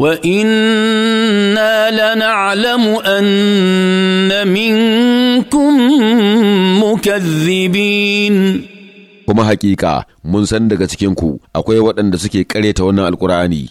وانا لنعلم ان منكم مكذبين kuma hakika mun san daga cikinku akwai waɗanda suke ƙareta wannan alkur'ani